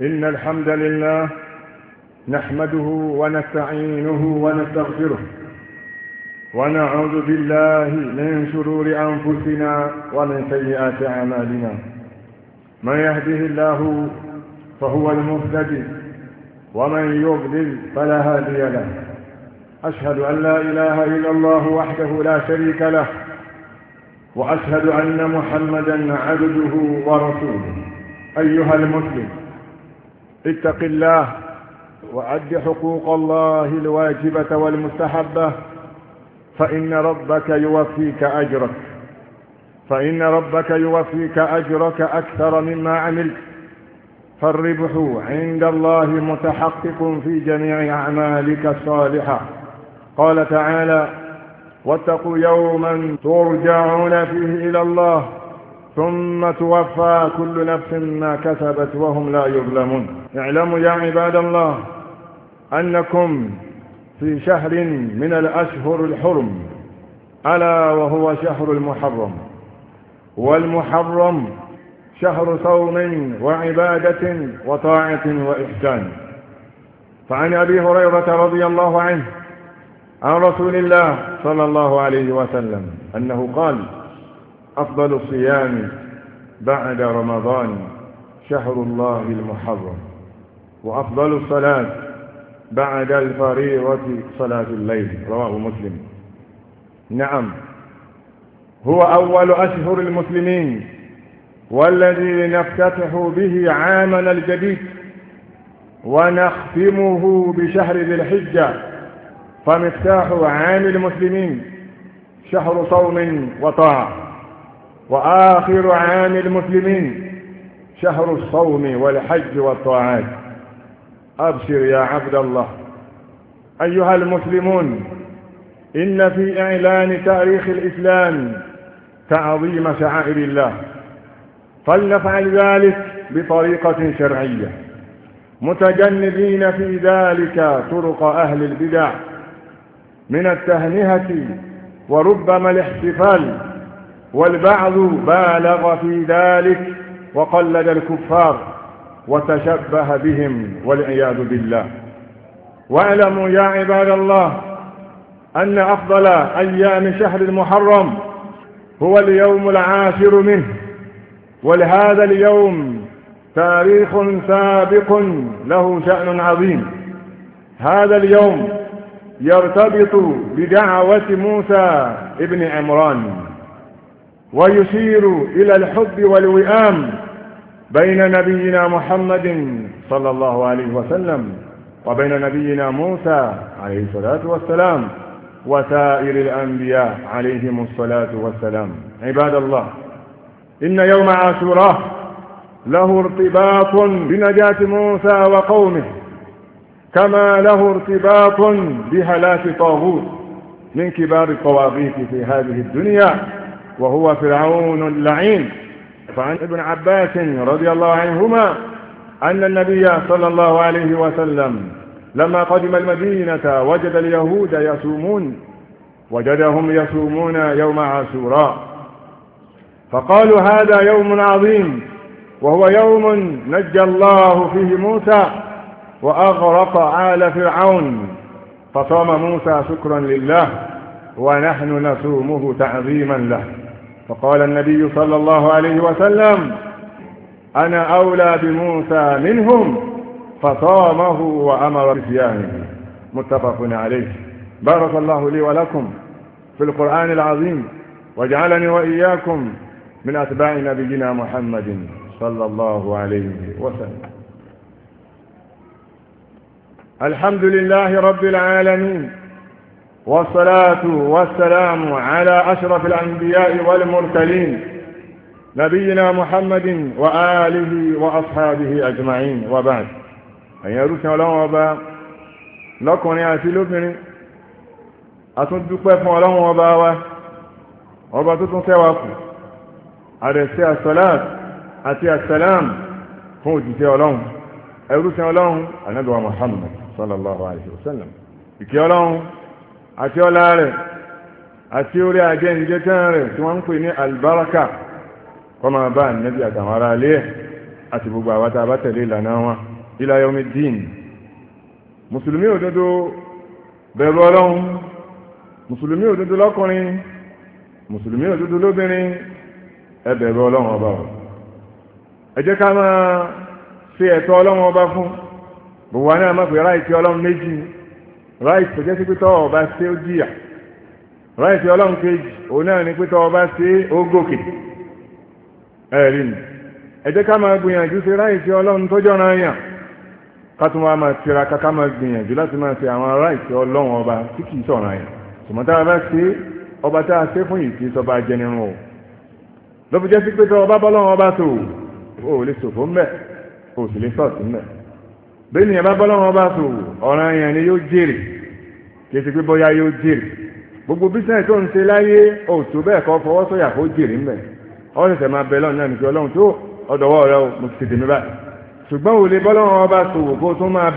إن الحمد لله نحمده ونستعينه ونستغفره ونعوذ بالله من شرور أنفسنا ومن سيئات أعمالنا من يهده الله فهو المهتدي ومن يضلل فلا هادي له أشهد أن لا إله إلا الله وحده لا شريك له وأشهد أن محمدا عبده ورسوله أيها المسلم اتق الله وأد حقوق الله الواجبة والمستحبة فإن ربك يوفيك أجرك فإن ربك يوفيك أجرك أكثر مما عملت فالربح عند الله متحقق في جميع أعمالك الصالحة قال تعالى واتقوا يوما ترجعون فيه إلى الله ثم توفى كل نفس ما كسبت وهم لا يظلمون اعلموا يا عباد الله أنكم في شهر من الأشهر الحرم ألا وهو شهر المحرم والمحرم شهر صوم وعبادة وطاعة وإحسان فعن أبي هريرة رضي الله عنه عن رسول الله صلى الله عليه وسلم أنه قال أفضل صيام بعد رمضان شهر الله المحرم وأفضل الصلاة بعد الفريضة صلاة الليل رواه مسلم نعم هو أول أشهر المسلمين والذي نفتتح به عامنا الجديد ونختمه بشهر ذي الحجة فمفتاح عام المسلمين شهر صوم وطاعة وآخر عام المسلمين شهر الصوم والحج والطاعات أبشر يا عبد الله أيها المسلمون إن في إعلان تاريخ الإسلام تعظيم شعائر الله فلنفعل ذلك بطريقة شرعية متجنبين في ذلك طرق أهل البدع من التهنئة وربما الاحتفال والبعض بالغ في ذلك وقلد الكفار وتشبه بهم والعياذ بالله واعلموا يا عباد الله أن أفضل أيام شهر المحرم هو اليوم العاشر منه ولهذا اليوم تاريخ سابق له شأن عظيم هذا اليوم يرتبط بدعوة موسى ابن عمران ويشير إلى الحب والوئام بين نبينا محمد صلى الله عليه وسلم وبين نبينا موسى عليه الصلاة والسلام وسائر الأنبياء عليهم الصلاة والسلام عباد الله إن يوم عاشوراء له ارتباط بنجاة موسى وقومه كما له ارتباط بهلاك طاغوت من كبار الطواغيت في هذه الدنيا وهو فرعون اللعين فعن ابن عباس رضي الله عنهما أن النبي صلى الله عليه وسلم لما قدم المدينة وجد اليهود يصومون وجدهم يصومون يوم عاشوراء فقالوا هذا يوم عظيم وهو يوم نجى الله فيه موسى وأغرق آل فرعون فصام موسى شكرا لله ونحن نصومه تعظيما له فقال النبي صلى الله عليه وسلم أنا أولى بموسى منهم فصامه وأمر بصيامه متفق عليه بارك الله لي ولكم في القرآن العظيم واجعلني وإياكم من أتباع نبينا محمد صلى الله عليه وسلم الحمد لله رب العالمين والصلاة والسلام على أشرف الأنبياء والمرسلين نبينا محمد وآله وأصحابه أجمعين وبعد أن يرسل الله وبا لكم يا سيلوبني أتدقى فالله وبا ọba tó tún kẹwàá kù àrẹ̀sẹ̀ àṣọláàt àti àṣàlám fún òjìṣẹ́ ọlọ́run ẹrúṣẹ́ ọlọ́run anábíwá Muhammad sallallahu alaihi wasallam ìkẹ́ ọlọ́run àti ọlá rẹ̀ àti orí àjẹ́ǹjẹ́ tán rẹ̀ tí wọ́n ń pè ní albaraka kó bá àtàwọn ará àti gbogbo ìlànà wọn ila dín mùsùlùmí òdodo bẹ̀rù ọlọ́run mùsùlùmí òdodo lọ́kùnrin mùsùlùmí òdodo lóbìnrin ẹ bẹ̀rù ọlọ́run ọba ẹ jẹ́ ká máa ṣe ẹ̀tọ́ ọlọ́run ọba fún gbogbo wa méjì right tó jẹ́ sí pé tọ́wọ́ ọba ṣe ó jìyà right ọlọ́run kejì òun náà ni pé tọ́wọ́ ọba ṣe ó gòkè ẹ̀rí ni ẹ jẹ́ ká máa gbìyànjú sí right ọlọ́run tó jọra yàn ká tún wá máa tiraka ká máa gbìyànjú láti máa ṣe àwọn right ọlọ́run ọba tí kì í sọ̀rọ̀ yàn ṣùgbọ́n tá a bá ṣe ọba tá a ṣe fún yìí kì í sọba jẹnirun o ló fi jẹ́ sí pé tọ́wọ́ ọba bọ́lọ́run ọba tó o ò lè ṣòfò ń o sì lè sọ̀tún bẹ̀ bẹ́ẹ̀ ni ẹ̀bá bọ́lọ́wọ́ bá sòwò ọ̀ràn yẹn ni yóò jèrè kì í ṣe pé bọ́yá yóò jèrè gbogbo bísíǹsì tó ń ṣe láyé òtò bẹ́ẹ̀ kọ́ fọwọ́ sọ̀yà kó jèrè ń bẹ̀ ọ́ ṣẹ̀ṣẹ̀ máa bẹ lọ́nà nìkú ọlọ́run tó ọ̀dọ̀wọ́ rẹ o mo ti tètè mi báyìí ṣùgbọ́n òun lè bọ́lọ́wọ́ bá sòwò kó tún máa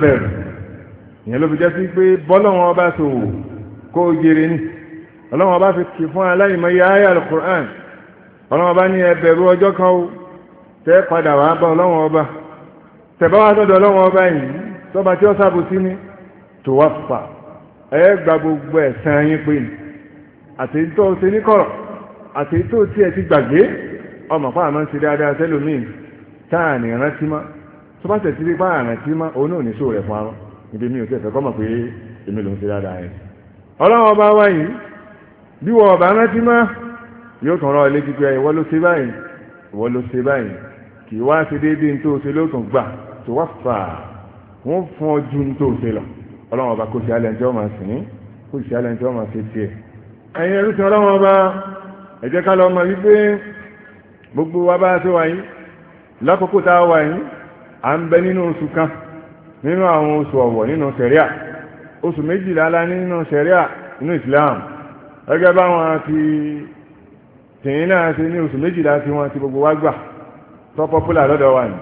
tẹ̀bá wá sọ́dọ̀ ọlọ́wọ́n ọba yìí tọ́ba tí ó sábò sí ní tó wá fà ẹ gba gbogbo ẹ̀sán yín pé ní àti tó ṣe ní kọ̀rọ̀ àti tó tí ẹ ti gbàgbé ọmọ pa àmọ́ ṣe dáadáa sẹ́lòmíì táà ní rántí mọ́ tó bá tẹ̀sí pípa àrántí mọ́ òun náà níṣó rẹ̀ fún arán níbi mi ò tẹ̀sẹ̀ kọ́mọ̀ pé èmi lòún ṣe dáadáa yẹn ọlọ́wọ́n ọba wá yìí bí wọ́n ọba rántí mọ́ yóò tàn rán ilé gbígbé ìwọ ló ṣe báyìí ìwọ ló ṣe báyìí kì í wá ṣe déédéé ní tó ṣe ló gbà tó wá fà wọ́n fún ọ ju tó ṣe lọ ọlọ́run ọba kò sí alẹ́ ǹjẹ́ ọmọ sí ní kò sí alẹ́ ǹjẹ́ ọmọ sí tiẹ̀. ẹ̀yin ẹrú sin ọlọ́run ọba ẹ ká lọ mọ̀ wípé gbogbo wa bá ṣe wà yìí lákòókò tá a wà yìí à ń bẹ nínú oṣù kan nínú àwọn oṣù ọ̀wọ̀ nínú sẹ̀ríà oṣù méjìlá lá nínú sẹ̀ríà nínú ìsìláàmù gẹ́gẹ́ báwọn ti tìyín náà ṣe ní oṣù méjìlá tí wọ́n ti gbogbo wa gbà tó pọ́pùlà lọ́dọ̀ wa ni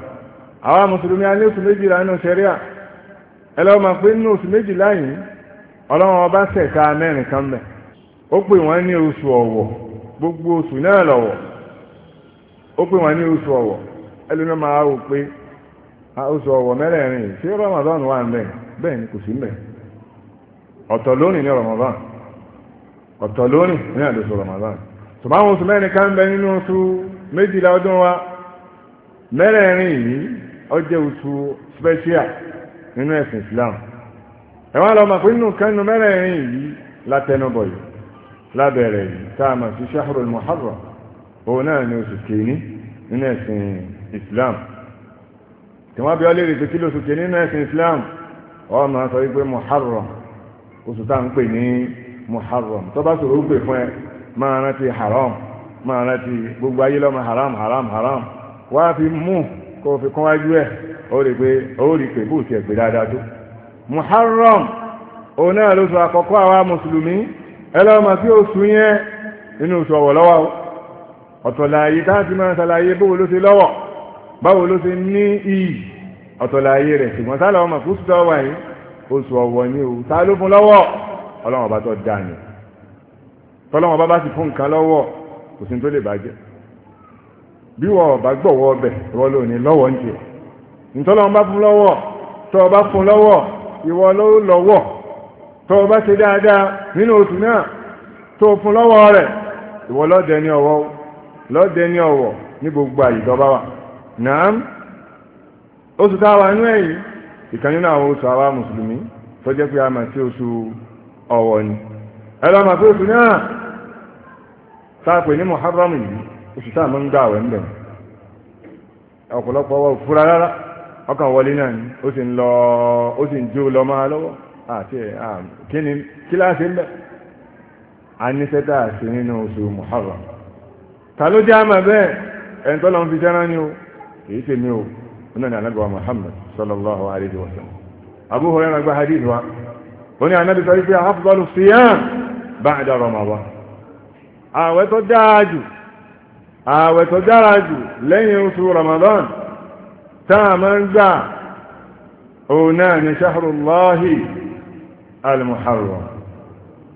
àwọn musulumi a ní oṣù méjìlá nínú sẹ́ríà ẹlọ́mọ pé nínú oṣù méjìlá yìí ọba ṣẹ̀ka mẹ́rin kan mẹ́ ó pè wọ́n ní oṣù ọ̀wọ̀ gbogbo oṣù náà lọ́wọ́ ó pè wọ́n ní oṣù ọ̀wọ̀ máa wò pé oṣù ọ̀wọ̀ mẹ́rẹ̀ẹ̀rin yìí Ramadan wà ń bẹ̀ bẹ́ẹ̀ ni kò sí mẹ́ ọ̀tọ̀ lónìí ní Ramadan ọ̀tọ̀ lónìí ní àdóso Ramadan oṣù mẹ́rin kan wa mẹ́rẹ̀ẹ̀rin yìí ọ jẹ́ oṣù special nínú ẹ̀sìn Islam ẹ̀wọ́n lọ ma pé nínú kan mẹ́rẹ̀ẹ̀rin yìí látẹnubọ̀ yìí lábẹ̀rẹ̀ yìí tá a mọ̀ sí Shahrul Muharram òun náà ni oṣù kìíní nínú ẹ̀sìn Islam tí wọ́n bí ọ pé kí kìíní nínú ẹ̀sìn Islam sọ wípé Muharram oṣù tá à ń pè Muharram tó bá sọ̀rọ̀ ó pè fún ẹ máa rántí haram máa rántí gbogbo ayé lọ́mọ haram haram haram fi kó fi kún wájú ẹ̀ ó rí pé ó rí pé bóòsì ẹ̀gbẹ̀ dáadáa tó muharram o náà lóṣù àkọ́kọ́ àwa mùsùlùmí ẹlọ́mọ tí ó sùn yẹn nínú oṣù ọ̀wọ̀ lọ́wọ́ ọ̀tọ̀láyé káàkiri máa ṣàlàyé bóò ló ṣe lọ́wọ́ báwo ló ṣe ní iyì ọ̀tọ̀láyé rẹ̀ ṣùgbọ́n sálà ọmọ kú sí tọ́wọ́ yìí oṣù ọ̀wọ̀ ni o ta ló fún lọ́wọ́ ọlọ́wọ́ bá tọ́ dáa ni tọ́lọ́wọ́ bá bá sì fún nǹkan lọ́wọ́ kò sí tó lè bàjẹ́ bí wọ́n bá gbọ̀wọ́ ọbẹ̀ wọ́n ló ní lọ́wọ́ ń jẹ́ bá fún lọ́wọ́ tọ́ bá fún lọ́wọ́ ìwọ lọ́wọ́ tọ́ bá ṣe dáadáa nínú oṣù náà tó fún lọ́wọ́ rẹ̀ ìwọ lọ́dẹ ní ọwọ́ lọ́dẹ ní ọwọ́ ní gbogbo àyíkọ́bá ni o mọ́ ń gbà àwẹ̀ ń bẹ̀ ọ̀pọ̀lọpọ̀ wọ́n fúra rárá ọkàn wọlé náà ni ó sì lọ ó sì ń jó lọ máa lọ́wọ́ a sí nínú oṣù ta ló jẹ́ àmà bẹ́ẹ̀ ẹni tó lọ́n fi jẹ́rán ni o o ọ̀nà Muhammad sallallahu alayhi wa sallam Abu Hurairah gba hadith wa ó ní anábì sọ wípé tó ààwẹ̀ tó dára jù lẹ́yìn oṣù Ramadan táà máa ń gbà òun náà ni ṣahrullahi al-muharram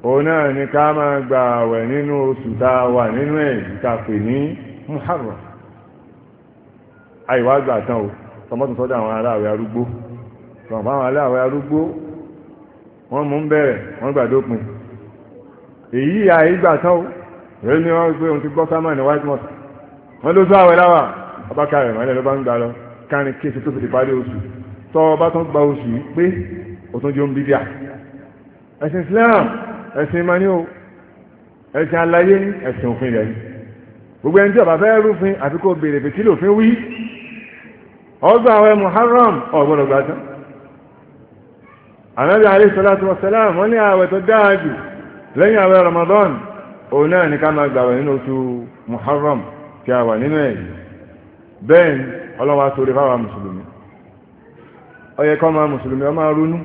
òun náà ni ká máa gbà ààwẹ̀ nínú oṣù táà wà nínú ẹ̀ ìtàpè ní muharram àìwá gbà tán o tọmọ́tún sọ́dá àwọn aláàwẹ̀ arúgbó wọ́n mú ń bẹ̀rẹ̀ wọ́n gbà dópin èyí àìgbà tán o rẹ́ ni wọ́n gbé ohun ti gbọ́ sámà ní white mosque wọ́n ló sáwẹ̀ láwà ọbákà rẹ̀ mọ́lẹ̀ ló bá ń gbà lọ kárin kéèsì tó fi ti parí oṣù tọ́ ọba tó gba oṣù yìí pé òtún jẹun bíbíà ẹ̀sìn Islam ẹ̀sìn mani o ẹ̀sìn alayé ní ẹ̀sìn òfin rẹ̀ gbogbo ẹni tí ọba fẹ́ rúfin àti kó béèrè pé kí lòfin wí ọgbà àwẹ̀ Muharram ọ̀gbọ́dọ̀ gbà tán ànábì alayhi salatu wa salam wọ́n ní àwẹ̀ tó dáa jù lẹ́yìn àwẹ̀ Ramadan òun náà ní ká máa gbàwẹ̀ nínú oṣù Muharram tí a wà nínú ẹ̀ bẹ́ẹ̀ ni ọlọ́wà sórí fáwọn mùsùlùmí ó yẹ kọ́ máa mùsùlùmí ó máa ronú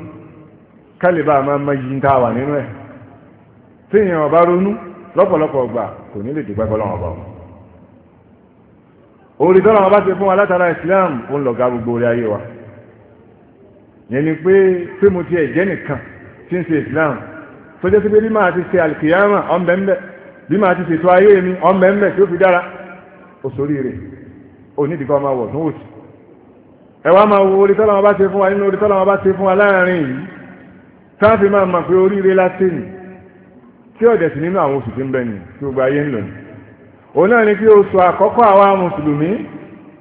kálíbà máa ma yí tá a wà nínú ẹ̀ tí èèyàn ọba ronú lọ́pọ̀lọpọ̀ ọgbà kò ní lè dùgbẹ́ fọlọ́wọ́n ọba wọn orí tọ́lọ́ wọn bá ti fún wa látara Islam ó ń lọ̀gá gbogbo orí ayé wa yẹn ni pé pé mo ti ẹ̀jẹ̀ nìkan tí ń ṣe Islam tó jẹ́ sí pé bí máa ti ṣe àlìkìyàmà ọ̀nbẹ̀ńbẹ̀ bí máa ti ṣètò ayé mi ọ̀nbẹ̀ńbẹ̀ tí ó fi dára òṣòrí rẹ̀ onídìíkọ́ máa wọ̀ tún òsì ẹwà máa wo orí tọ́lọ́wọ́ bá ṣe fún wa nínú orí tọ́lọ́wọ́ bá ṣe fún wa láàrin yìí káàfin máa mọ̀ pé oríire láti nì tí ọ̀dẹ̀ sí nínú àwọn oṣù tí ń bẹ nì tí gbogbo ayé ń lò ní òun náà ni kí oṣù àkọ́kọ́ àwa mùsùlùmí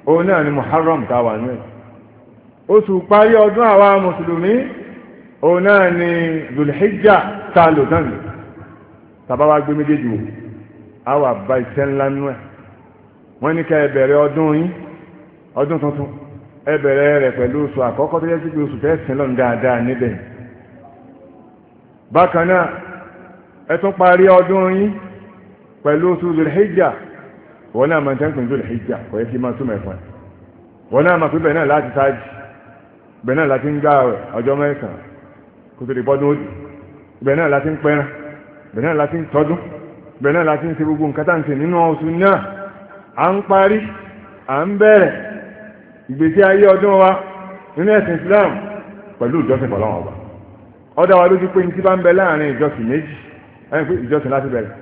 òun náà ni muharram táwa náà oṣù parí ọdún àwa mùsùlùmí òun náà ni zulhijja tá a lò náà tàbá wa gbé méjèèjì wò á bá iṣẹ́ ńlá nú ẹ̀ wọ́n ní ká ẹ bẹ̀rẹ̀ ọdún yín ọdún tuntun ẹ rẹ̀ pẹ̀lú oṣù àkọ́kọ́ tó sí pé dáadáa níbẹ̀ bákan náà ẹ parí ọdún yín pẹ̀lú oṣù zulhijja wọ́n náà máa ń tẹ́kùn zulhijja kò yẹ kí máa wọ́n náà máa pín láti sáájì bẹ̀rẹ̀ láti ń ọjọ́ mẹ́sàn-án tó bọ́dún láti ń pẹ́ràn a ń parí a ń bẹ̀rẹ̀ ìgbésí ayé ọdún wa nínú ẹ̀sìn Islam pẹ̀lú ìjọsìn pọ̀lọ́wọ́n ọba ọdá wa lójú pé tí bá ń bẹ láàrin ìjọsìn méjì ẹni pé ìjọsìn láti bẹ̀rẹ̀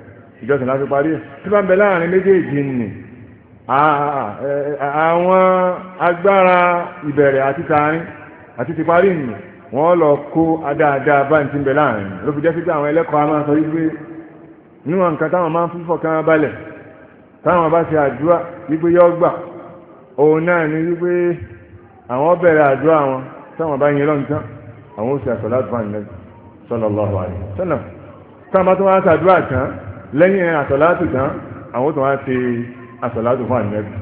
ìjọsìn láti parí ẹ̀ tí bá ń bẹ láàrin méjèèjì nì àwọn agbára ìbẹ̀rẹ̀ àti àti ti parí nì wọ́n lọ kó adáadáa bá fi jẹ́ sí pé àwọn ẹlẹ́kọ̀ọ́ táwọn bá ṣe àdúrà wípé yọ gbà òun náà ni wípé àwọn bẹ̀rẹ̀ àdúrà wọn táwọn bá yẹn lọ́nà tán àwọn ó ṣe àṣọ láti fún ànílẹ́sì sallallahu alaihi wasallam táwọn bá tó wá ṣàdúrà tán lẹ́yìn àṣọ láti tán àwọn ó tó wá ṣe àṣọ láti fún ànílẹ́sì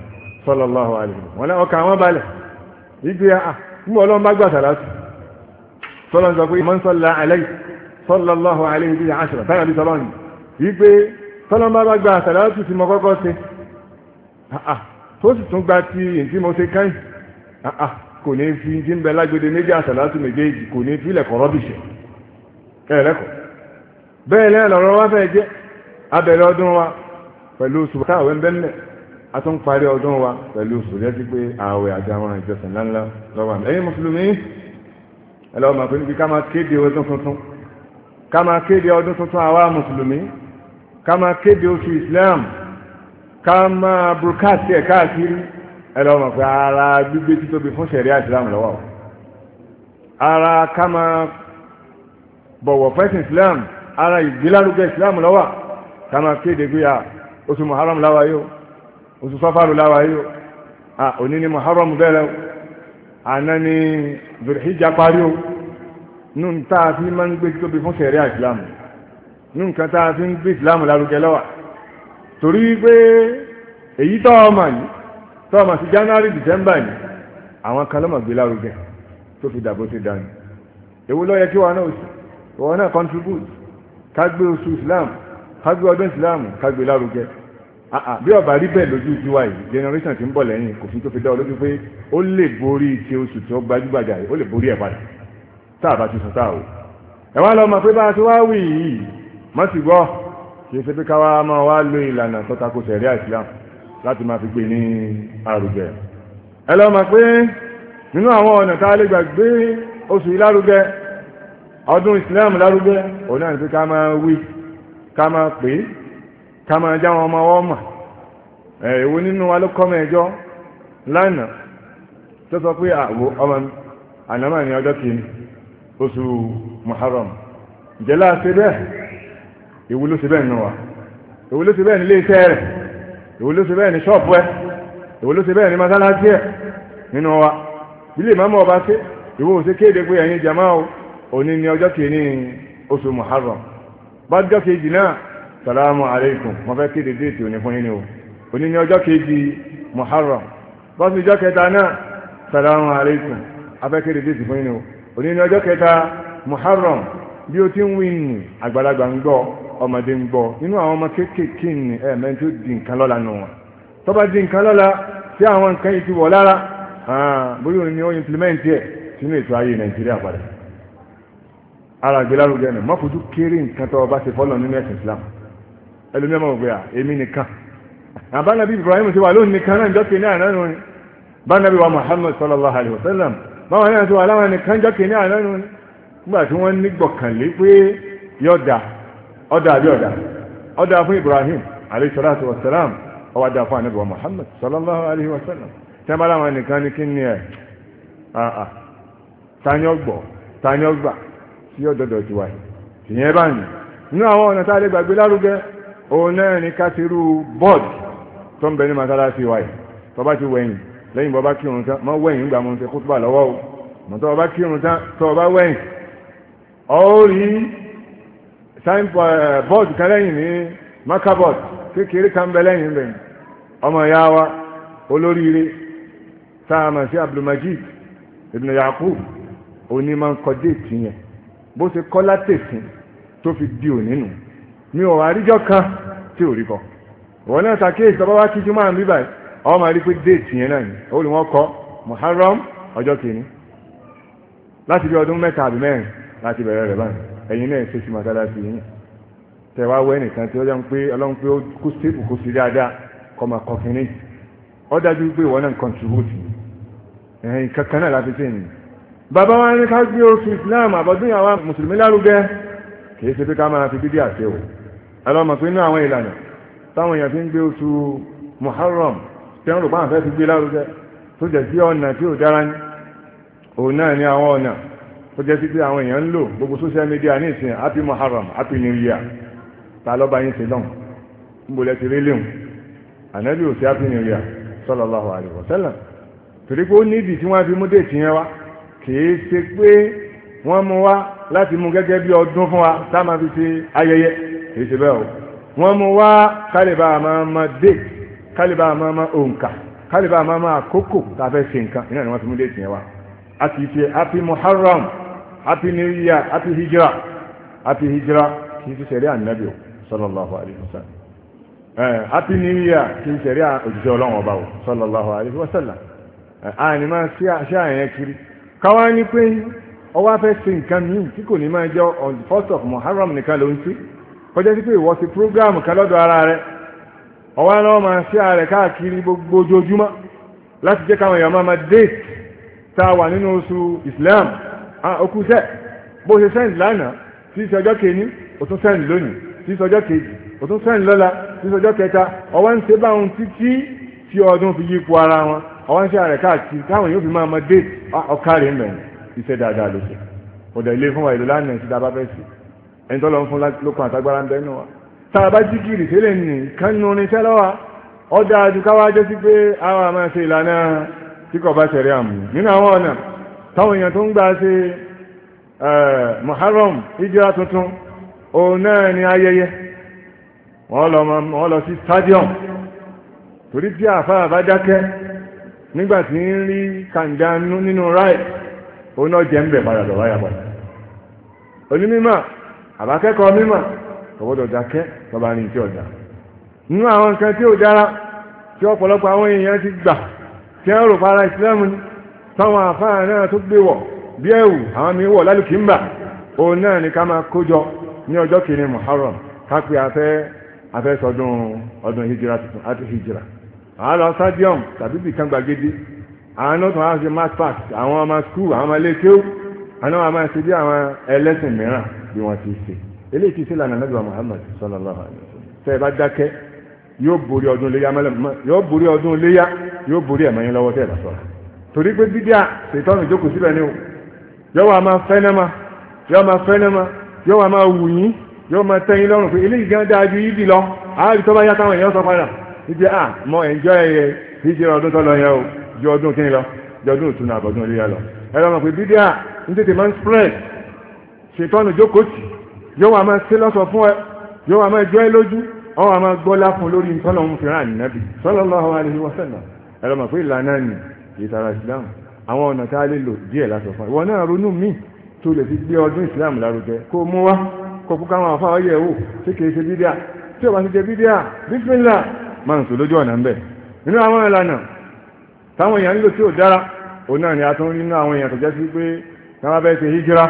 sallallahu alaihi wasallam wọn ọkà wọn balẹ̀ wípé à ah, ah, nígbà ọlọ́run bá gbà sàlátù sọlọ́ sọ pé man salla alaihi sallallahu alaihi wasallam táyà bí sọlọ́ ni wípé tọ́lọ́n bá bá gba àsàlátù tí mo kọ́kọ́ ṣe tó sì tún gba ti èyí tí mo ṣe káyìn kò ní fi ti ń bẹ lágbede méjì àsàlátù méjèèjì kò ní fi ilẹ̀kọ̀ rọ́bìṣẹ̀ ẹ bẹ́ẹ̀ lẹ́yìn lọ́rọ́ wá fẹ́ jẹ́ abẹ̀rẹ̀ ọdún wa pẹ̀lú oṣù táwọn ń bẹ́ẹ̀ a tún parí ọdún wa pẹ̀lú oṣù lẹ́sí pé ààwẹ̀ àti àwọn ìjọsìn ńláńlá lọ́wọ́ àmì ẹ̀yin mùsùlùmí ẹlọ́wọ́ màá pé níbi ká máa kéde ọdún tuntun ká máa kéde ọdún tuntun àwa mùsùlùmí ká máa kéde oṣù islam ká máa burúkásì ẹ̀ káàkiri ẹlọ́mọ̀ pé ara gbígbé títóbi fún ṣẹ̀ríà islam lọ́wọ́ ara ká máa bọ̀wọ̀ fẹ́sìn islam ara ìgbélárugẹ islam lọ́wọ́ ká máa kéde pé à oṣù muharram láwa yóò oṣù sọ́fàrù láwa yóò à òní ni muharram bẹ̀rẹ̀ àná ni zulhijja parí nù tá a fi máa ń gbé títóbi fún ṣẹ̀ríà islam lọ́wọ́ ní nǹkan tá a fi ń gbé ìsìláàmù lárugẹ lọ́wà torí wípé èyí tọ́ ọmọ yìí tọ́ ọmọ sí january december yìí àwọn kan lọ́mọ̀ gbé lárugẹ tó fi dàbò ti dànù èwo ló yẹ kí wọn náà wọn náà contribute ká gbé oṣù ìsìláàmù ká gbé ọdún ìsìláàmù ká gbé lárugẹ bí ọba rí bẹ́ẹ̀ lójú tiwa yìí generation ti ń bọ̀ lẹ́yìn kò fi tó fi dá ọ lójú pé ó lè borí ti oṣù tí ó gbajúgbajà yìí ó lè borí ẹ̀ padà tá a bá ti sọ tá o ẹ̀ wá lọ́ọ́ mọ̀ pé bá a ti wá wì yìí má sì gbọ́ kìí ṣe pé káwa ma wá lo ìlànà tó tako sẹ̀rí fi gbé ní àrùgẹ ẹ lọ ma pé nínú àwọn ọ̀nà tá a lè gbà gbé oṣù yìí lárugẹ ọdún Islam lárugẹ òun náà ni pé ká máa wí ká máa pè é ká máa já wọn ọmọ ọwọ́ mà ẹ̀ èwo nínú wa ló kọ́ mẹ́jọ lánàá tó sọ pé àwo ọmọ mi ànámà ọjọ́ kìíní èwo ló ṣe bẹ́ẹ̀ nù wa èwo ló ṣe bẹ́ẹ̀ ní ilé iṣẹ́ rẹ̀ èwo ló ṣe bẹ́ẹ̀ ní ṣọ́ọ̀bù ẹ̀ èwo ló ṣe bẹ́ẹ̀ ní mọ́sálásí ẹ̀ nínú wa ilé ìmọ̀mọ́ ọba ṣe ìwọ ò ṣe kéde pé ẹ̀yin jama o òní ni ọjọ́ kìíní oṣù muharram bá jọ́ kejì náà salamu alaikum mo fẹ́ kéde déètì òní fún yín ni o òní ni ọjọ́ kejì muharram bá sì kẹta náà salamu alaikum afẹ́ kéde déètì fún yín ni o òní ni ọjọ́ kẹta muharram bí o ti ń wí ní àgbàlagbà ń gbọ́ ọmọdé ń gbọ́ nínú àwọn ọmọ kéékèèké ní ẹ̀mẹ́ tó di nǹkan lọ́la nù wọn tó bá di nǹkan lọ́la tí àwọn nǹkan yìí ti wọ̀ lára ah, bóyá ni ó implement ẹ̀ sínú ètò ayé Nàìjíríà padà ara gbélárugẹ nù mọ́fojú kéré nǹkan tó bá ti fọ́lọ̀ nínú ẹ̀sìn Islam ẹlòmíọ́mọ́ ògbé à ah, èmi nìkan àbánabi ah, Ibrahim ti wà lónìí nìkan náà jọ́kẹ́ ní àná ni bánabi wa Muhammad sallallahu alaihi wa sallam báwọn náà ti wà láwọn nìkan jọ́kẹ́ ní àná nù ni nígbà tí wọ́n ní gbọ̀kànlé pé yọ̀dà ọdá àbí ọ̀dá ọdá fún Ibrahim alayhi salatu wassalam fún ànábì Muhammad sallallahu alayhi wa sallam a bá láwọn nìkan ní kí ni ẹ̀ àà tani ọgbọ̀ tí ó dọ̀dọ̀ ti wáyé ìyẹn bá ní àwọn ọ̀nà tá a lè gbàgbé lárugẹ òun náà ní ká ti rú tó ń bẹ ní wáyé tó bá ti wẹ̀yìn lẹ́yìn bọ́ bá tán mọ́ wẹ̀yìn gbà mọ́ lọ́wọ́ o mọ́ Uh, bọ́ọ̀dù kan lẹ́yìn ní makabot kékeré kan bẹ lẹ́yìn bẹ̀yìn ọmọ ìyá wa olóríire sáàmà sí abdulmajid ibn yakub òní máa ń kọjá ètì yẹn bó ṣe kọ́ látẹ̀sìn tó fi di òní nù mi ò àríjọ́ kan tí ò rí kọ́ ìwọ náà ṣàkíyèsí bàbá wa kíjú máa ń bí báyìí ọmọ àrí pé déètì yẹn náà ni ó lè wọ́n kọ́ muharram ọjọ́ kìíní láti bí ọdún mẹ́ta àbí mẹ́rin láti bẹ̀rẹ̀ rẹ̀ báyìí ẹ̀yin náà ṣe sí màsálásí yín tẹ̀wá wẹ́ nìkan tí ó jẹ́ pé ọlọ́run pé ó kó stéèpù kó sí dáadáa kọ́ máa kọ́ kínní ó dájú pé ìwọ náà ń contribute ẹ̀yìn kankan náà láti sèyìn bàbá wa ní ká gbé oṣù Islam àbọ̀dún àwa mùsùlùmí lárugẹ kìí ṣe pé ká máa fi bíbí àṣẹ o ọlọ́mọ pé inú àwọn ìlànà táwọn èèyàn fi ń gbé oṣù Muharram tí wọ́n rò bá àwọn fẹ́ fi gbé lárugẹ tó jẹ́ sí ọ̀nà tí ò dára ní òun náà ní àwọn ọ̀nà ó jẹ́ títí àwọn èèyàn ń gbogbo social media ní ìsìn happy muharram happy new year ta lọ́ba yín ṣe lọ́n ń bolẹ̀ ti rí léwu ànábì ò sí happy new year sallallahu alaihi wasallam torí pé ó tí wọ́n fi mú déètì yẹn wá kìí wa tá máa fi ṣe ayẹyẹ kìí ṣe o wọ́n mú wá kálíbà máa ma déètì kálíbà máa ma òǹkà kálíbà máa ma àkókò tá a fẹ́ ṣe nǹkan ni wọ́n fi mú déètì yẹn wá a ṣe happy muharram happy new year happy hijra happy hijra kì í ti ṣẹ̀rí ànábì o sallallahu alayhi wa sallam happy new year kì í ṣẹ̀rí òjijì ọlọ́run ọba o sallallahu alayhi wa sallam àní máa ṣe àyẹn kiri káwá ní pé ọwọ́ afẹ́ ṣe nǹkan míì tí kò ní máa jọ on the first of muharram nìkan ló ń sí kọjá sí pé ìwọ sí program kan lọ́dọ̀ ara rẹ ọwọ́ náà máa ṣe ààrẹ káàkiri gbogbo ojoojúmọ́ láti jẹ́ káwọn èèyàn máa máa date tá a wà nínú oṣù Islam òkú ah, sẹ́ bó ṣe sẹ́ǹd lánàá tí í sọjọ́ kìíní ó tún sẹ́ǹd lónìí tí í sọjọ́ kejì ó tún sẹ́ǹd lọ́la tí í sọjọ́ kẹta ọwọ́ ń ṣe báwọn títí tí ọdún fi yípo ara wọn ọwọ́ ń ṣe àrẹ káàkiri táwọn yóò fi máa mọ déètì ọkàrẹ̀ mẹ́rin iṣẹ́ dáadáa ló ṣe ọ̀dọ̀ ilé fún wa ìlú lánàá ti dábàá fẹ́ sí ẹni tó lọ fún lókun àtagbára ń bẹ́ nù wa tá a bá jí kiri sílẹ̀ nì kánú oníṣẹ́ lọ́wọ́ ọ̀dà àdúkáwájọ́ sí pé àwọn àmọ́ ṣe ìlànà tí kò bá ṣẹ̀rí àmú nínú àwọn ọ̀nà táwọn èèyàn tó ń gbà ṣe Muharram ìjírá tuntun òun náà ni ayẹyẹ wọ́n lọ sí stadium torí tí àfáà bá dákẹ́ nígbà tí ń rí kàǹdà nínú ráì òun náà jẹ́ ń bẹ̀ padà lọ́wọ́ yàpọ̀ onímọ̀ àbákẹ́kọ̀ọ́ mímọ̀ ọ̀gbọ́dọ̀ dákẹ́ tọba ní tí ọ̀dà nínú àwọn nǹkan tí ò dára tí ọ̀pọ̀lọpọ̀ àwọn èèyàn ti gbà tí wọ́n rò para ìsìlẹ́mù ni táwọn àfáà náà tó gbé wọ̀ bí ẹ̀wù àwọn mi wọ̀ lálùkìmbà òun náà ni ká máa kójọ ní ọjọ́ kìíní Muharram kápẹ́ afẹ́ afẹ́ sọdún ọdún hijira tuntun àti hijira àwọn lọ stadium tàbí bìkan gbàgede àwọn náà tún á ṣe math park àwọn ọmọ skul àwọn ọmọ ilé kéwù àwọn ọmọ ṣe bí àwọn ẹlẹ́sìn mìíràn bí wọ́n ti ṣe eléyìí ti ṣe lànà nàbíwá Muhammad sallallahu alaihi wasallam tẹ́ ẹ bá dákẹ́ yóò borí ọdún léyà yóò borí ọdún léyà yóò borí ẹ̀mọ́yìn lọ́wọ́ tẹ́ ẹ bá sọ̀rọ̀ torí pé bídíà ṣètọ́nù jókòó síbẹ̀ ni o yọ́wọ́ a máa fẹ́nẹ́mà yọ́wọ́ máa fẹ́nẹ́mà yọ́wọ́ a máa wù yín yọ́wọ́ máa tẹ́yìn lọ́rùn pé eléyìí gan dáa ju yídì lọ àárí tó bá yá táwọn èèyàn sọ padà ibi à o ju ọdún kí ni lọ ju ọdún òtún àbọ̀dún ilé yẹn lọ ẹ lọ́mọ pé bídíà ń tètè máa ń spread ṣètọ́nù jókòó tì yọ́wọ́ a máa kìí sára islam àwọn ọ̀nà tá a lè lò díẹ̀ lásọ fún ìwọ náà ronú mi tó lè fi gbé ọdún islam lárugẹ kó mú wá kó kú káwọn afá ọyẹ wò tí kìí ṣe bídíà tí ọba ti jẹ bídíà bísímìlà máa ń sọ lójú ọ̀nà ń nínú àwọn ìlànà táwọn èèyàn nílò tí ò dára òun náà ni a tún rí nínú àwọn èèyàn tó jẹ́ sí pé táwọn bẹ́ẹ̀ ṣe hijira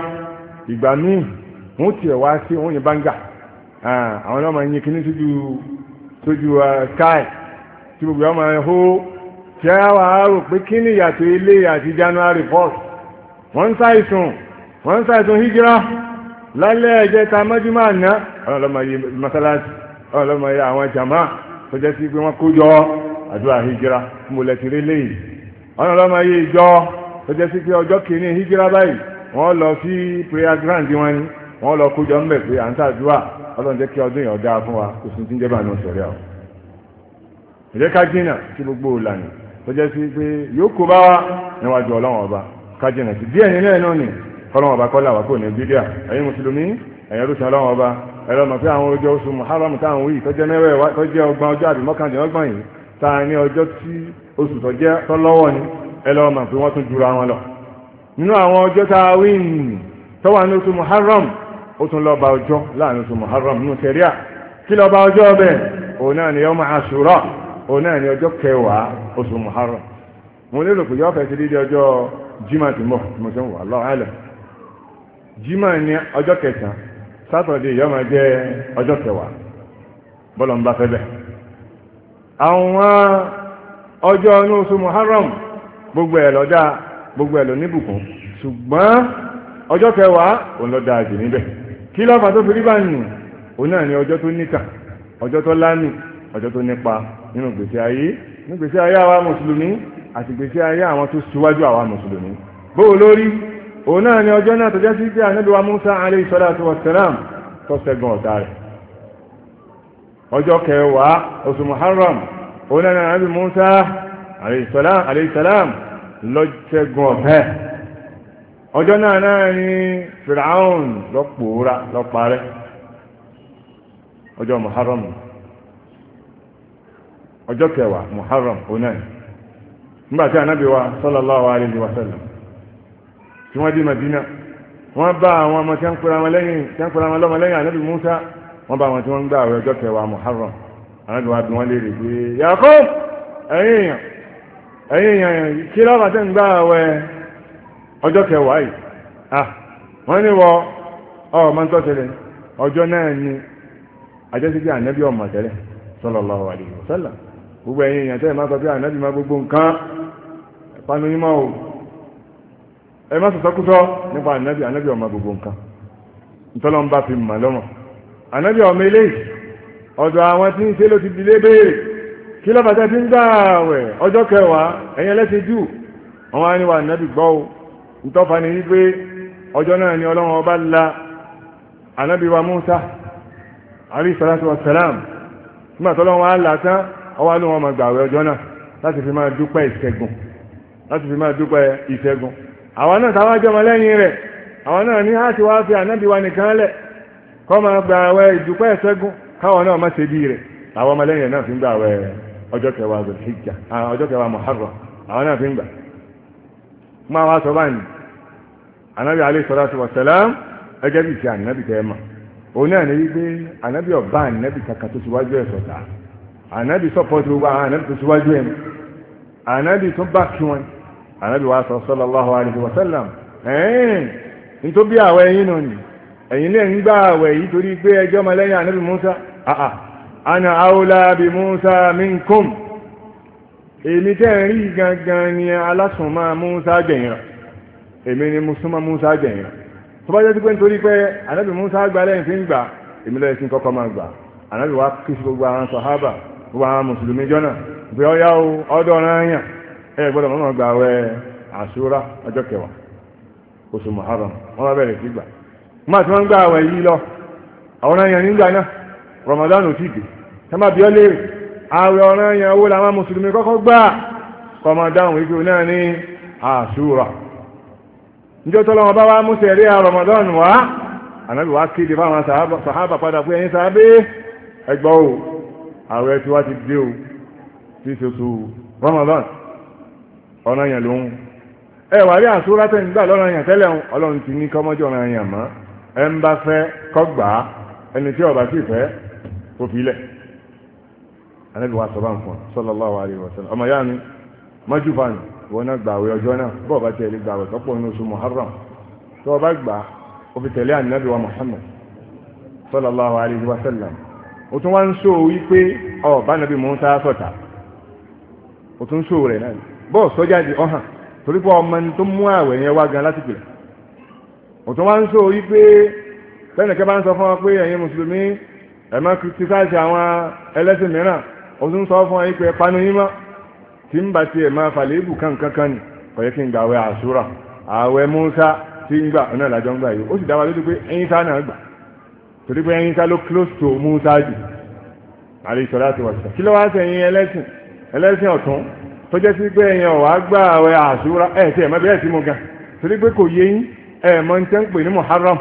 ìgbà míì wọ́n tiẹ̀ wá sí wọ́n yẹn báńgà àwọn náà máa ń yẹ kíní sójú sky tí gbogbo àwọn máa tí a wà á rò pé kí ni ilé àti January 4th wọ́n ń ṣàìsùn wọ́n ń hijira lálẹ́ ẹ̀jẹ̀ ta mọ́júmọ́ àná ọlọ́mọye masalasi ọlọ́mọye àwọn jama tó sí pé wọ́n àdúrà hijira mo ọlọ́mọye ìjọ hijira báyìí wọ́n lọ sí prayer wọn ni wọ́n lọ kójọ ń bẹ̀ pé à ń kí ọdún fún wa kò sí ti ń jẹ́ tó jẹ́ sí pé yóò kó bá wa níwájú ọlọ́wọ́n ọba kájìnà sí díẹ̀ nínú ẹ̀ náà ni kọ́lọ́wọ́n ọba kọ́lá wà kò ní bídíà ẹ̀yin mùsùlùmí ẹ̀yin rúṣin ọlọ́wọ́n ọba ẹ̀rọ mọ̀ pé àwọn ọjọ́ oṣù muharram táwọn wí tó jẹ́ mẹ́wẹ̀ẹ́wá tó jẹ́ ọgbọ̀n ọjọ́ àbí mọ́kàndínlọ́gbọ̀n yìí ta ní ọjọ́ tí oṣù tó jẹ́ tọ́lọ́wọ́ ni ẹlọ́wọ́ mọ̀ pé wọ́n tún jura wọn lọ nínú àwọn ọjọ́ tá a wí nì tọ́wà ní oṣù muharram ó tún lọ bá ọjọ́ láàrin oṣù muharram nínú tẹ̀ríà kí lọ bá ọjọ́ bẹ́ẹ̀ òun náà ni yawma ashura òun náà ọjọ́ kẹwàá oṣù muharram mo lérò pé yọ́ fẹ́ sí dídí ọjọ́ jimá tí mo mo sọ wà lọ́wọ́ jimá ní ọjọ́ kẹsàn-án sátọ̀dé yọ́ máa jẹ́ ọjọ́ kẹwàá bọ́lọ̀ ń gbogbo ẹ̀ lọ́dá gbogbo ẹ̀ lọ níbùkún ṣùgbọ́n ọjọ́ kẹwàá òun lọ́dá jù níbẹ̀ kí lọ́fà tó fi rí bá nù òun náà ọjọ́ nínú gbèsè ayé ní gbèsè ayé àwa mùsùlùmí àti gbèsè ayé àwọn tó síwájú àwa mùsùlùmí bóò lórí òun náà ni ọjọ́ náà tọ́jọ́ sí pé ànábì wa Musa alayhi salatu wa salam tó ṣẹ́gun ọ̀tá rẹ̀ ọjọ́ kẹwàá oṣù Muharram òun náà ni ànábì Musa alayhi salam ló ṣẹ́gun ọ̀tá ọjọ́ náà náà ni Fir'aun ló pòórá ló parẹ́ ọjọ́ Muharram ọjọ́ kẹwàá muharram onan nígbàtí ànábì wa sallallahu alayhi wa tí wọ́n madina wọ́n bá àwọn ọmọ musa wọ́n bá wọn tí wọ́n ń ọjọ́ kẹwàá muharram ànábì bí wọ́n léèrè pé yàkó ẹ̀yìn èèyàn kí lọ́wọ́ àti ń ọjọ́ gbogbo ẹ̀yin èèyàn tẹ́ ẹ̀ máa sọ pé ànábì máa gbogbo nǹkan ẹ̀pánu yín mọ́ o ẹ má sọ sọkúsọ nípa ànábì ànábì ọmọ gbogbo nǹkan ntọ́lọ́ ń bá fi mọ̀ lọ́mọ̀ ànábì ọmọ ilé ọ̀dọ̀ àwọn tí ń ṣe ló ti di lébèrè kí lọ́ba tẹ́ fi ń gbà wẹ̀ ọjọ́ kẹwàá ẹ̀yin ẹlẹ́sìn jù àwọn àníwá ànábì gbọ́ o ntọ́fà ni wípé ọjọ́ náà ni ọlọ́run ọba la ànábì wa Musa alayhi salatu wa salam nígbà tọ́lọ́run wa là tán ọwá ló wọn máa gbààwẹ̀ ọjọ́ náà láti fi máa dúpẹ́ ìṣẹ́gun láti fi máa dúpẹ́ ìṣẹ́gun àwọn náà táwọn jọmọ lẹ́yìn rẹ̀ àwọn náà ní láti wá fi ànábì wa nìkan lẹ̀ kọ́ máa gbààwẹ̀ ìdúpẹ́ ìṣẹ́gun káwọn náà má ṣe bí rẹ̀ àwọn ọmọ lẹ́yìn náà fi ń gbààwẹ̀ ọjọ́ kẹwàá zulhijja ọjọ́ kẹwàá muharram àwọn náà fi ń gbà máa wá sọ báyìí ànábì alayhi salatu wa salam ẹgẹ́ bí ti ànábì tẹ́ mọ̀ òun náà ní wípé ànábì ọ̀bá ànábì kankan tó ti wájú ẹ̀ sọ̀tà ànábì sọ́pọ̀tì gbogbo àwọn ànábì tó síwájú ẹni ànábì tó bá kí wọn ànábì wa sọ sallallahu alaihi wa sallam ẹ̀yìn ní tó bí àwọ̀ ẹ̀yìn náà ni ẹ̀yìn lè ń gbá àwẹ̀ yìí torí pé ẹjọ́ ọmọ lẹ́yìn ànábì Musa àà ana awla bi Musa minkum èmi tẹ́ ń rí gangan ni alásùnmọ́ Musa gbẹ̀yìn rà èmi ni musulman Musa gbẹ̀yìn tó bá jẹ́ sí pé nítorí pé ànábì Musa gbà lẹ́yìn fi ń gbà èmi lọ́yẹ̀ sí kọ́kọ́ máa gbà ànábì wa kí sí gbogbo àwọn sàhábà wa àwọn jọna jọ́nà pé ọyá o ọdọ ọ̀ranyàn ẹ gbọ́dọ̀ mọ́mọ́ gba àwẹ̀ ọjọ́ kẹwàá oṣù muharram wọ́n bá bẹ̀rẹ̀ sí gbà máa wọ́n gba yìí lọ nígbà náà ramadan ò tíì dé sábà bí ọ léèrè àwẹ̀ ọ̀ranyàn owó làwọn kọ́kọ́ gbà dáhùn náà ní bá wá mú ramadan wá wá kéde fáwọn sàhábà padà pé ẹ̀yin ẹgbọ́ ààrẹ tí wá ti dé o tí ṣe oṣù Ramadan ọ̀nà yẹn ló ń ẹ wà rí àṣúrà tẹ̀ nígbà lọ́nà yẹn tẹ́lẹ̀ ń ọlọ́run ti ní kọ́mọ́jọ́ ọ̀nà yẹn mọ́ ẹ ń bá fẹ́ kọ́gbà ẹni tí ọba sì fẹ́ kò fi lẹ̀ Ànábì wa sọ bá ń fún ọ sallallahu alaihi wasallam ọmọ yá mi mọ́jú bá wọn náà gbà àwẹ̀ ọjọ́ náà bọ́ọ̀ bá tẹ̀lé gbà àwẹ̀ tọ́pọ̀ nínú oṣù Muharram tó o bá gbà ó fi tẹ̀lé Ànábì wa Muhammad sallallahu alaihi wasallam o tún wá ń sọ wípé ọ bá nàbí mò ń sá sọ̀tà o tún sọ rẹ̀ náà bọ́ọ̀ sọ́jà di ọ̀hàn torí pé ọmọ tó mú àwẹ̀ yẹn wá gan láti pìlẹ̀ o tún wá ń sọ wípé bẹ́ẹ̀ nìkan bá ń sọ fún wa pé ẹ̀yin mùsùlùmí ẹ̀ máa kìtìsáàsì àwọn ẹlẹ́sìn mìíràn o tún sọ fún wa pé panu yín mọ́ tí ń bá tiẹ̀ máa fàlẹ́bù kankan kan ni kò yẹ kí n gbà àwẹ̀ àṣúrà àwẹ̀ Mùsá tí ń gbà náà lájọ́ ń gbà yìí ó sì dá lójú pé ẹ̀yin sá náà gbà torí pé ẹyin ká ló close to Musa jù àlè ìṣọ̀rọ̀ àti wàṣà kí ló wá sẹ́yìn ẹlẹ́sìn ẹlẹ́sìn ọ̀tún tó jẹ́ sí pé ẹ̀yin ọ̀wá gbà àwẹ̀ àṣúra ẹ̀ tí ẹ̀ má bẹ́ẹ̀ sí mo ga torí pé kò yé yín ẹ̀ mọ ní tẹ́ ń pè ní Muharram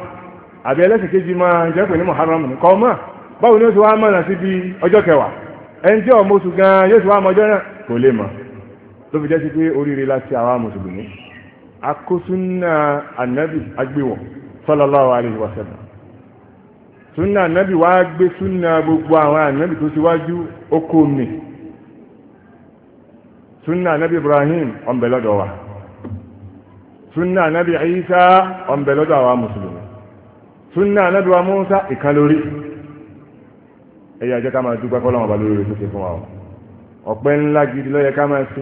àbí ẹlẹ́sìn kejì máa ń jẹ́ pè ní Muharram nìkan mọ́ báwo ni ó ti wá mọ̀nà síbi ọjọ́ kẹwàá ẹni tí ọmọ súnà ànábì wá gbé súnà gbogbo àwọn ànábì tó síwájú oko mi súnà ànábì Ibrahim ọ̀nbẹ lọ́dọ̀ wa súnà ànábì Isa ọ̀nbẹ lọ́dọ̀ àwa mùsùlùmí súnà ànábì wa Musa ìkan lórí ẹ̀yà ajẹ́ ká máa dúpẹ́ fọ́lọ́wọ́n balẹ̀ lórí tó fún wa ọ̀pẹ́ ńlá gidi lọ́yẹ ká máa sí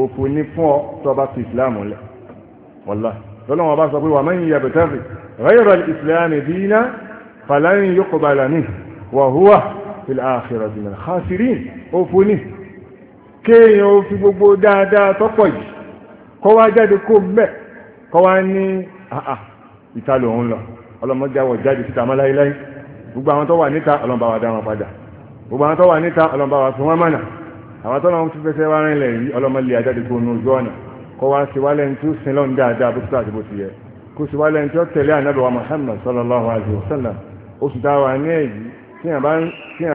òfò ní fún ọ tó bá fi ìsìláàmù lẹ̀ wọ́lá lọ́lọ́wọ́n bá sọ pé wà mẹ́yìn yàbẹ̀tẹ́rì rẹ́yọ̀rọ̀ ìsìláàmù dínà fàlàyìn yóò kọ̀ bàlà ní wàhúwà ìlàáfẹ́rọ̀ ìmọ̀ àṣírí òfò ní kéèyàn ó fi gbogbo dáadáa tọ́pọ̀ yìí kọ́ wá jáde kó mẹ́ kọ́ wá ní àà ìtàlò òun lọ ọlọ́mọdáwọ̀ jáde síta mọ́ láíláí gbogbo àwọn tó wà níta ọlọ́mbà wa dá wọn padà gbogbo àwọn tó wà níta ọlọ́mbà wa fún wọn mọ́nà àwọn tó lọ́wọ́ fífẹ́sẹ́ wá rìnlẹ̀ yìí ọlọ́mọlé ajáde kó nu ojú ọ̀nà kọ́ wá sí wálẹ̀ tó sin lọ́n dáadáa bó tó àti bó ti yẹ kó sí wálẹ̀ tó tẹ̀lé ànábì wa Muhammad sallallahu alaihi wa sallam oṣù tá ní èyí tí a bá ń